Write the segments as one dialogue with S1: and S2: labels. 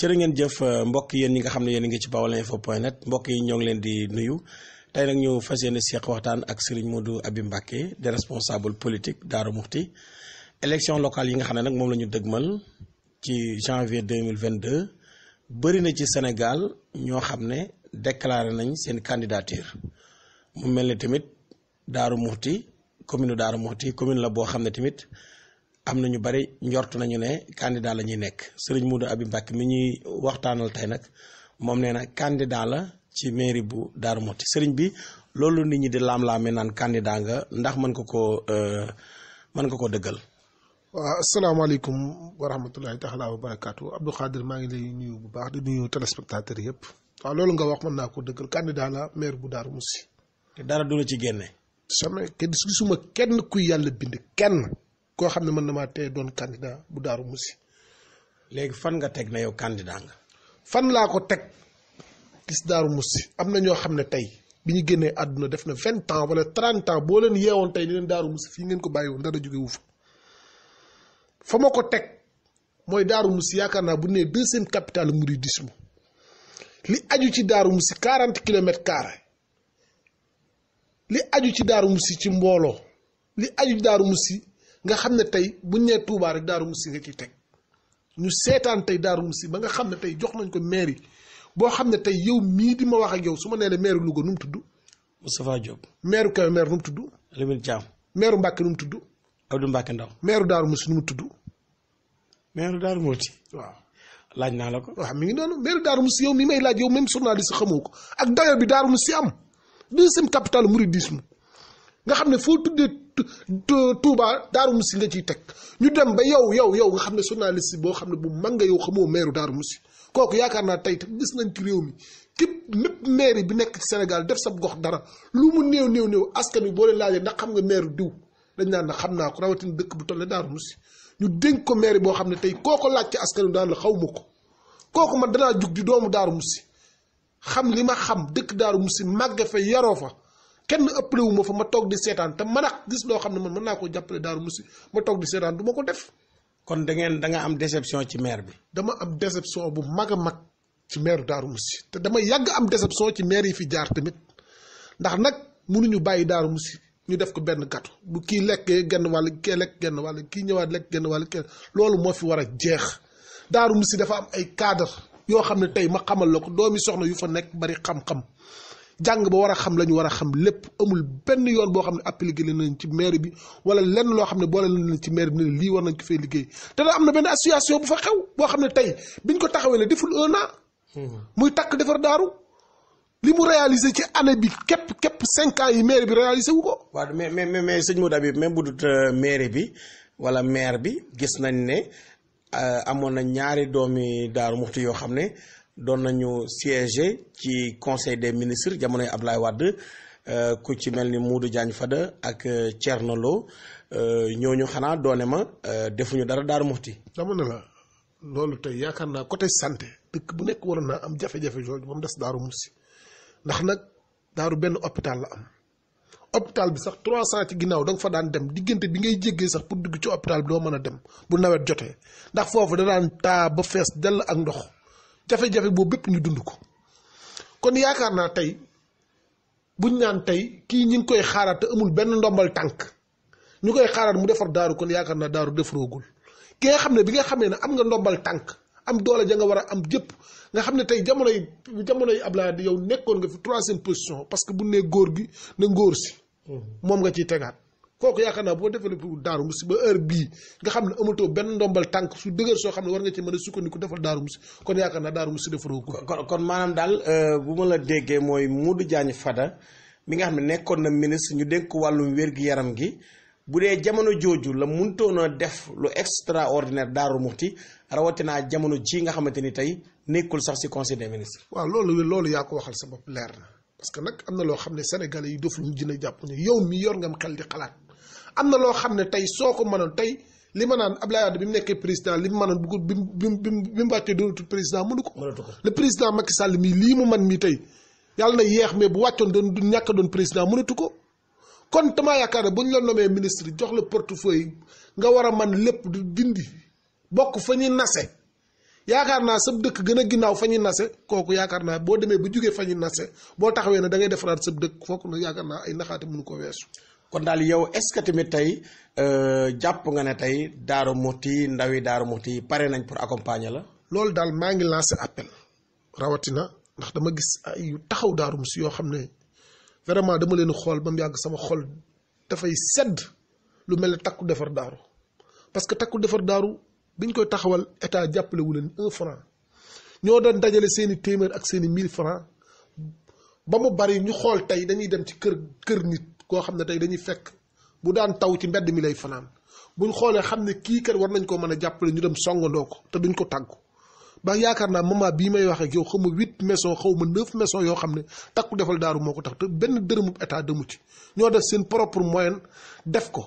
S1: jërë ngeen jëf euh, mbokk yéen ñi nga xam ne yéen a ngi ci bawal info point net mbokk yi ñoo ngi leen di nuyu tey nag ñu fas yéene seq waxtaan ak Serigne Modou Abi Mbacké de responsable politique daaru Mouhty élection locale yi nga xam ne nag moom la ñu dëgmal ci janvier 2022 bëri na ci Sénégal ñoo xam ne déclaré nañ seen candidature mu mel ni tamit Darou Mouhty commune Darou Mouhty commune la boo xam ne tamit am na ñu bari njort nañu ne candidat la ñuy nekk Serigne Modou Abi Mbacké mi ñuy waxtaanal tey nag moom nee na candidat la ci mairie bu Darou Mouhty Serigne bi loolu nit ñi di laam-laame naan candidat nga ndax mën ko koo euh, mën nga ko dëggal.
S2: waaw asalaamaaleykum wa rahmatulahi taala wa barakaatu Abdou Khadir maa ngi lay bu baax di nuyu téléspectateurs yëpp. waaw loolu nga wax mën naa ko dëggal candidat la maire bu Darou Mouhty. te dara du ci génne. sama kenn gisuma kenn kuy yàlla bind kenn. koo xam ne mën na maa tey doon candidat bu daaru mussi léegi fan nga teg na yow candidat nga. fan laa ko teg gis daaru musi am na ñoo xam ne tey bi ñu génnee àdduna def na vingt ans wala trente ans boo leen yeewoon tey ni leen daaru musi fii ngeen ko bàyyi woon dara jóge wu fa fa ma ko teg mooy daaru musi yaakaar naa bu nee deuxième capitale mouridisme li aju ci daaru mussi quarante kilomètres carré li aju ci daaru musi ci mbooloo li aju ci daaru nga xam ne tey buñ nee Touba rek Darou si nga ciy teg ñu seetaan tey mu si ba nga xam ne tey jox nañ ko mairie boo xam ne tey yow mii di ma wax a yow su ma nee la maire Louga nu mu tudd. Moustapha Diop. maire Kébémer nu mu tudd. Lamine Thiam. maire nu mu tudd. Abdou Mbacke Ndaw. maire Darou Moussi nu mu tudd. maire Darou Moussi. waaw laaj naa la ko. waaw mi ngi noonu maire Darou Moussi yow mi may laaj yow même journaliste xamoo ko ak dayo bi daaru Darou si am deuxième capitale mu nga xam ne foo tuddee. Touba Daaru mussi nga ciy teg ñu dem ba yow yow yow nga xam ne journaliste boo xam ne bu mag nga yow xamoo meeru Daaru Musi kooku yaakaar naa tey te gis nañ ci réew mi képp lépp maire bi nekk ci Sénégal def sa gox dara lu mu néew néew néew askan wi boo leen laajee ndax xam nga meeru diw dañ naan na xam naa ko rawatin dëkk bu toll Daaru mussi ñu dénk ko maire boo xam ne tey koo ko laaj ci askan wi daan la xaw ma ko kooku man danaa jug di doomu Daaru mussi xam li ma xam dëkk Daaru Musi màgge fa yaroo fa kenn ëppale fa ma toog di seetaan te man a gis loo xam ne man mën naa koo jàppale Darou Moussi ma toog di seetaan du ko def. kon dangeen ngeen da am déception ci maire bi. dama am déception bu mag a mag ci maire daaru mussi te dama yàgg am déception ci maire yi fi jaar tamit ndax nag mënuñu bàyyi Darou mussi ñu def ko benn gàttu bu kii lekkee genn wàll kii lekk genn wàll kii ñëwaat lekk genn wàll kii loolu moo fi war a jeex daaru mussi dafa am ay cadre yoo xam ne tey ma xamal la ko doomi soxna yu fa nekk bari xam jàng ba war a xam la ñu war a xam lépp amul benn yoon boo xam ne appliqué nañ ci maire bi wala lenn loo xam ne boole nañ ci mair bi ne lii war nañ ko fee liggéey te da am na benn association bu fa xew boo xam ne tey biñ ko taxawee ne deful un an. Hmm. muy takk defar daaru. li mu réalisé ci année bi képp képp cinq ans yi maire bi réalisé wu ko. waaw mais mais mais sëñ Modou Habib même bu dut euh, maire
S1: bi wala maire bi gis nañ ne euh, amoon na ñaari doomi daaru muxti yoo xam ne. doon nañu siéger ci conseil des ministres jamonoy Abdoulaye Wade euh, ku ci mel ni Modou Diagne Fada ak euh, Thierno Lo euh, ñu xanaa doone ma defuñu dara Daaru Muxti.
S2: dama ne la loolu tey yaakaar naa côté santé dëkk bu nekk waroon naa am jafe-jafe jooju moom des Daaru Muxti ndax nag daaru benn hôpital la am. hôpital bi sax 300 ci ginnaaw da nga fa daan dem diggante bi ngay jéggee sax pour dugg ci hôpital bi doo mën a dem bu nawet jotee ndax foofu da daan taa ba fees dell ak ndox. jafe-jafe boobu bépp ñu dund ko kon yaakaar naa tey buñ naan tey kii ñi ngi koy xaaraat amul benn ndombal tànk ñu koy xaaraat mu defar daaru kon yaakaar naa daaru defaroogul ki nga xam ne bi nga xamee ne am nga ndombal tànk am doole ja nga war a am jëpp nga xam ne tey jamonoy jamonoy Abdoulaye yow nekkoon nga fi troisième position parce que bu ne góor gi ne ngóor si hmm. moom nga ciy tegaat kooku yaakaar naa boo defee wu daaru musi ba heure bii nga xam ne amatoo benn ndombal tànk su dëgër soo xam ne war nga ci mën a sukkandiku defal daaru musi kon yaakaar naa daaru musi defaroo ko kon kon euh, ma la déggee mooy Modou Diagne Fada
S1: mi nga xam ne nekkoon na ministre ñu dénk wàllum wér yaram gi bu dee jamono jooju la mënutoon a def lu extraordinaire daaru muxti rawatinaa jamono ji nga xamante ni tey nekkul sax si conseil des ministres
S2: waaw loolu loolu yaa ko waxal sa bopp leer na parce que nag am na loo xam ne sénégal yi dof lu ñu a jàpp ne yow mi yor ngam xel di xalaat am na loo xam ne tey soo ko mënoon tey li ma naan Abdoulaye Wade bi mu nekkee président li mu mënoon bu bi mu bi mu bi mu wàccee doonatul président mënu ko. le président Macky sàll mii lii mu man mii tey yàlla na yéex mais bu wàccoon doon du ñàkk doon président mënatu ko. kon damaa yaakaar ne bu ñu la nommee ministre jox la portefeuille nga war a man lépp du dindi bokk fa ñuy nase yaakaar naa sab dëkk gën a ginnaaw fa ñu nase kooku yaakaar naa boo demee ba jugee fa ñuy nase boo taxawee ne da ngay defaraat dëkk foofu yaakaar naa ay naxaate mënu ko weesu. kon daal yow est-ce que tamit tey euh,
S1: jàpp nga ne tey Daaru Muxti ndaw yi Daaru Muxti pare nañ pour accompagner la.
S2: loolu daal maa ngi lancer appel rawatina ndax dama gis yu taxaw Daaru Muxti yoo xam ne vraiment dama leen xool ba mu yàgg sama xol dafay sedd lu mel ne takku defar daaru parce que takku defar daaru biñ koy taxawal état jàppale leen un franc ñoo doon dajale seen i téeméer ak seen i mille franc ba mu bari ñu xool tey dañuy dem ci kër kër nit. koo xam ne tey dañuy fekk bu daan taw ci mbedd mi lay fanaan buñ xoolee xam ne kii kër war nañ ko mën a jàppale ñu dem songandoo ko te duñ ko tàggu ba yaakaar naa moment bii may wax ak yow xaw ma huit maison xaw ma neuf maison yoo xam ne takku defal daaru moo ko tax benn dërëmu état demu ci ñoo def seen propre moyen def ko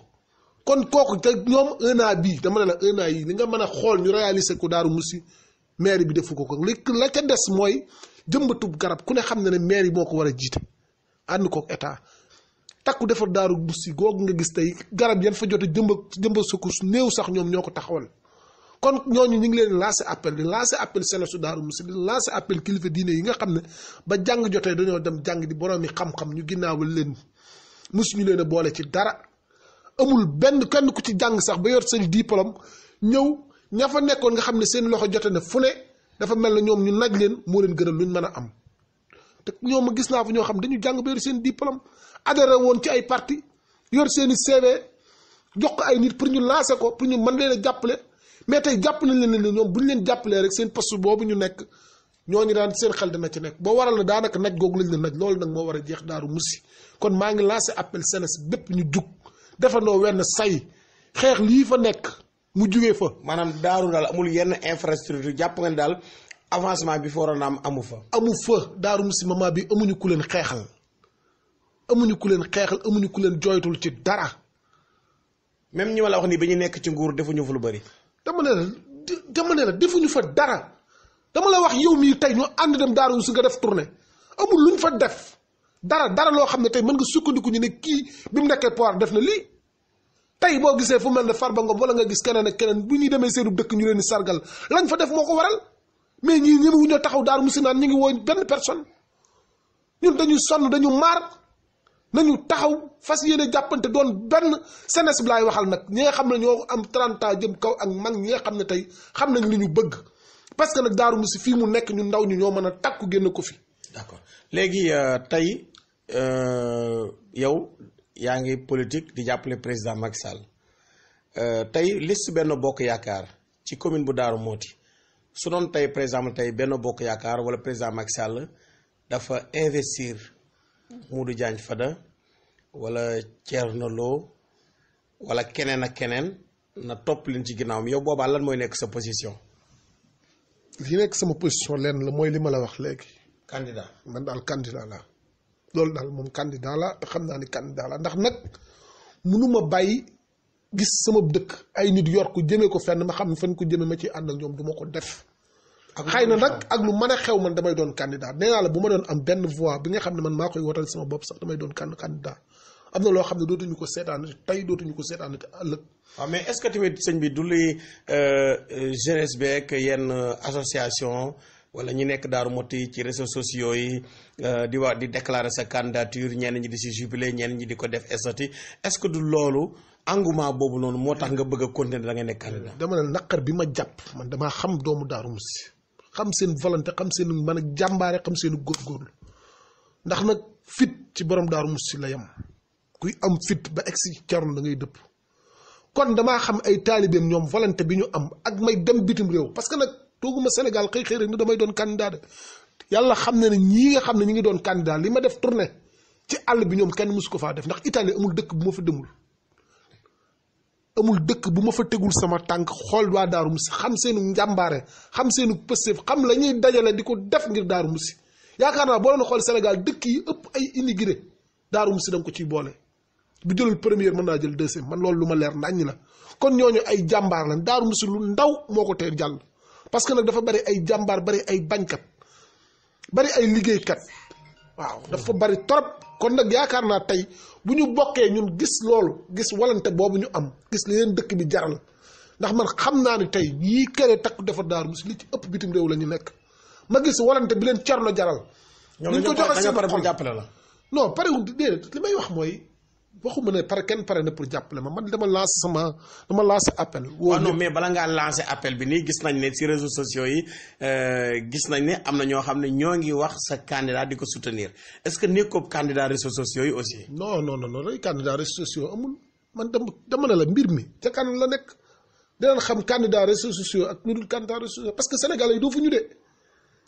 S2: kon kooku te ñoom un bii dama ne la un an yi nga mën a xool ñu réaliser ko daaru musi maire bi defu ko ko li la ca des mooy jëmbatub garab ku ne xam ne maire yi ko war a jiite ànd kook état takku defar daaru bussi googu nga gis tey garab yan fa jote jëmba jëmba sukkus néew sax ñoom ñoo ko taxawal kon ñooñu ñu ngi leen lancé appel di lancé appel senesu daaru mussi di lancé appel kilifa diine yi nga xam ne ba jàng jotee dañoo dem jàng di boroomi xam-xam ñu ginnaawal leen musu ñu leen boole ci dara amul benn kenn ku ci jàng sax ba yor seen diplôme ñëw ña nekkoon nga xam ne seen loxo jote na fu ne dafa mel na ñoom ñu nag leen moo leen gënal luñ mën a am te ñoom ma gis naa fa ñoo xam dañu jàng ba yor seen diplôme adhéré woon ci ay parti yor seeni CV jox ko ay nit pour ñu lancé ko pour ñu mën leen a jàppale mais tey jàpp nañ leen ne ñoom bu ñu leen jàppalee rek seen poste boobu ñu nekk ñooñu daan seen xel dina ci nekk boo waral na daanaka nag googu lañ la nag loolu nag moo war a jeex daaru musi kon maa ngi lancé appel senes bépp ñu jug defandoo wenn say xeex lii fa nekk mu jugee fa. maanaam daaru daal amul yenn infrastructure jàpp nga ne daal avancement bi fa waroon a am amu fa. amu fa daaru musi moment bi amuñu ku leen xeexal. amuñu ku leen xeexal amuñu ku leen jooyatul ci dara. même ñi ma la wax nii ba ñu nekk ci nguur defuñu fa lu bari. dama ne la dama ne la defuñu fa dara dama la wax yow mii tey ñu ànd dem daaru si nga def tournée amul luñ fa def dara dara loo xam ne tey mën nga sukkandiku ñu ne kii bi mu nekkee pouvoir def na lii. tey boo gisee fu mel ne ba Ngom wala nga gis keneen ak keneen bu ñuy demee seenu dëkk ñu leen di sargal lañ fa def moo ko waral mais ñii ñemewuñoo taxaw daaru musi naan ñu ngi woo benn personne ñun dañuy sonn dañu maar. nañu taxaw fas yéene jàppante doon benn senes bi laay waxal nag ñi nga xam ne ñoo am 30 ans jëm kaw ak mag ñi nga xam ne tey xam nañ li ñu bëgg parce que nag Darou Mousty fii mu nekk ñu ndaw ñu ñoo mën a tàkku génn ko fi. d'accord léegi euh, tey
S1: euh, yow yaa ngi politique di jàppale président Macky Sall euh, tey liste benn bokk yaakaar ci commune bu Darou Mousty su doon tey par tey benn bokk yaakaar wala président Macky Sall dafa investir. Modou Diagne Fada wala Thierno Lo walla keneen ak keneen na topp leen ci ginnaawam yow boobaa lan mooy nekk sa position.
S2: li nekk sama position lenn la mooy li ma la wax léegi. candidat man daal candidat la loolu daal moom candidat la xam naa ni kandidaa la ndax nag mënuma bàyyi gis sama dëkk ay nit yor ko jëmee ko fenn ma xam fan ko jëmee ma ci ànd ak ñoom duma ko def. xëy na nag ak lu mën a xew man damay doon candidat nee naa la bu ma doon am benn voix bi nga xam ne man maa koy wotal sama bopp sax damay doon kan am na loo xam ne dootuñu ko seetaan tey dootuñu ko seetaan ëllëg.
S1: waaw ah, mais est-ce que tamit sëñ bi du li euh, euh, yenn euh, association wala ñi nekk Daaru Moti ci réseaux sociaux yi di wax di déclarer sa candidature ñeen ñi di si jubilé ñenn ñi di ko def estati est-ce que du loolu engouement boobu noonu moo
S2: tax nga bëgg a continuer da nga nekk candidat. dama ne naqar bi ma jàpp man dama xam doomu Daaru Musi xam seen volonté xam seen mën a jàmbaare xam seen góorgóorlu ndax nag fit ci borom daaru mus si la yem kuy am fit ba egg si carul da ngay dëpp kon damaa xam ay taalibeem ñoom volonté bi ñu am ak may dem bitim réew parce que nag tooguma Sénégal xëy xëy rek ni damay doon candidat de yàlla xam na ne ñii nga xam ne ñu ngi doon candidat li ma def tournée ci àll bi ñoom kenn mësu ko faa def ndax Italie amul dëkk bi ma fa demul amul dëkk bu ma fa tegul sama tànk xool waa Daaru Muxti xam seenu njàmbaare xam seenu pësteef xam la ñuy dajale di ko def ngir Daaru Muxti yaakaar naa boo leen xool Sénégal dëkk yi ëpp ay immigré Daaru musi da nga ko ciy boole bu jëlul première mën naa jël deuxième man loolu lu ma leer naññ la kon ñooñu ay jàmbaar lañ Daaru musi lu ndaw moo ko teel jàll parce que nag dafa bari ay jàmbaar bari ay bañkat bari ay liggéeykat waaw dafa bari torop kon nag yaakaar naa tey bu ñu bokkee ñun gis loolu gis walante boobu ñu am gis li leen dëkk bi jaral ndax man xam naa ni tey yii kere takku defar daaru musi li ci ëpp bitim réew la ñu nekk ma gis walante bi leen cerno jaral. ñu ko joxe jàppale la non pare wuñ déedéet li may wax mooy waxuma ne pare kenn pare na pour jàppale ma man dama lancer sama dama lancer appel. woo non
S1: mais bala ngaa lancer appel bi nii gis nañ ne ci réseaux sociaux yi euh, gis nañ ne am na ñoo xam ne ñoo ngi wax sa candidat di ko soutenir est-ce que nekkoo candidat réseaux
S2: sociaux yi aussi. non non non non rek candidat réseaux sociaux amul man dama dama ne la mbir mi ca kanam la nekk dinañ xam candidat réseaux sociaux ak ñu dul candidat réseaux parce que sénégalais ñu de.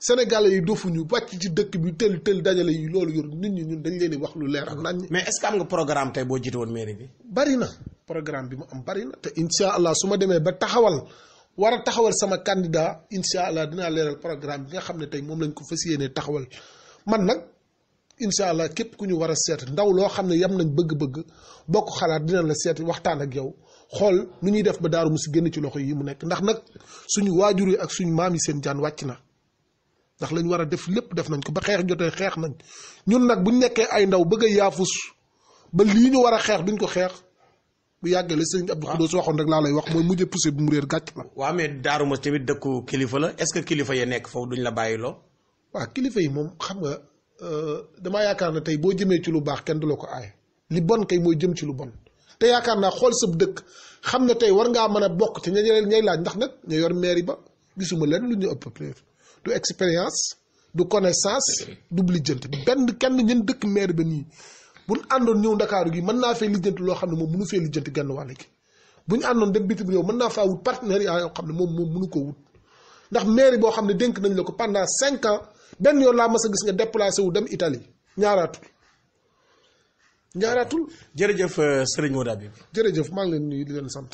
S2: sénégalais yi ñu wàcc ci dëkk bi tël tël dajale yi loolu yor nit ñi ñun dañ leen di wax lu leer ak nañ. mais est am nga programme tey boo jiite woon mairie bi. bari na programme bi mu am bari na te incha allah su ma demee ba taxawal war a taxawal sama candidat incha allah dinaa leeral programme bi nga xam ne tey moom lañ ko fas yéenee taxawal man nag incha allah képp ku ñu war a seet ndaw loo xam ne yam nañ bëgg-bëgg bokk xalaat dina la seet waxtaan ak yow. xool nu ñuy def ba daaru mu génn ci loxo yi mu nekk ndax nag suñu waajur yi ak suñu maam yi seen jaan wàcc na ndax lañ war a def lépp def nañ ko ba xeex jotee xeex nañ ñun nag bu nekkee ay ndaw bëgg a yaafus ba lii ñu war a xeex duñ ko xeex bu yàggee la sëñ Abdou Khoudoss waxoon rek laa lay wax mooy mujj poussé bu mu réer gàcc la.
S1: waaw mais Darou Mouhty tamit dëkku kilifa la est-ce que kilifa ya nekk foofu duñ la bàyyiloo.
S2: waaw kilifa yi moom xam nga euh, dama yaakaar ne tey boo jëmee ci lu baax kenn du la ko aay li bon kay mooy jëm ci lu bon te yaakaar naa xool sab dëkk xam ne tey war ngaa mën a bokk ci ña ñay laaj ndax nag ña yor mairie ba gisuma leen lu du expérience du connaissance du lijjanti benn kenn ñun dëkk maire ba nii bu ñu àndoon ñëw ndakaaru gi mën naa fee lijjanti loo xam ne moom mënu fee lijjanti genn wàll gi bu ñu àndoon dem bitim réew mën naa faa wut partenariat yoo xam ne moom moom mënu ko wut ndax maire boo xam ne dénk nañ la ko pendant cinq ans benn yoon laa mas a gis nga déplacé wu dem Italie ñaaraatul ñaaraatul. jërëjëf euh, Serigne Modou Habib. jërëjëf maa ngi leen nuyu di leen sant.